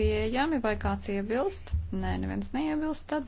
pieejami vai kāds iebilst? Nē, neviens neiebilst. Tad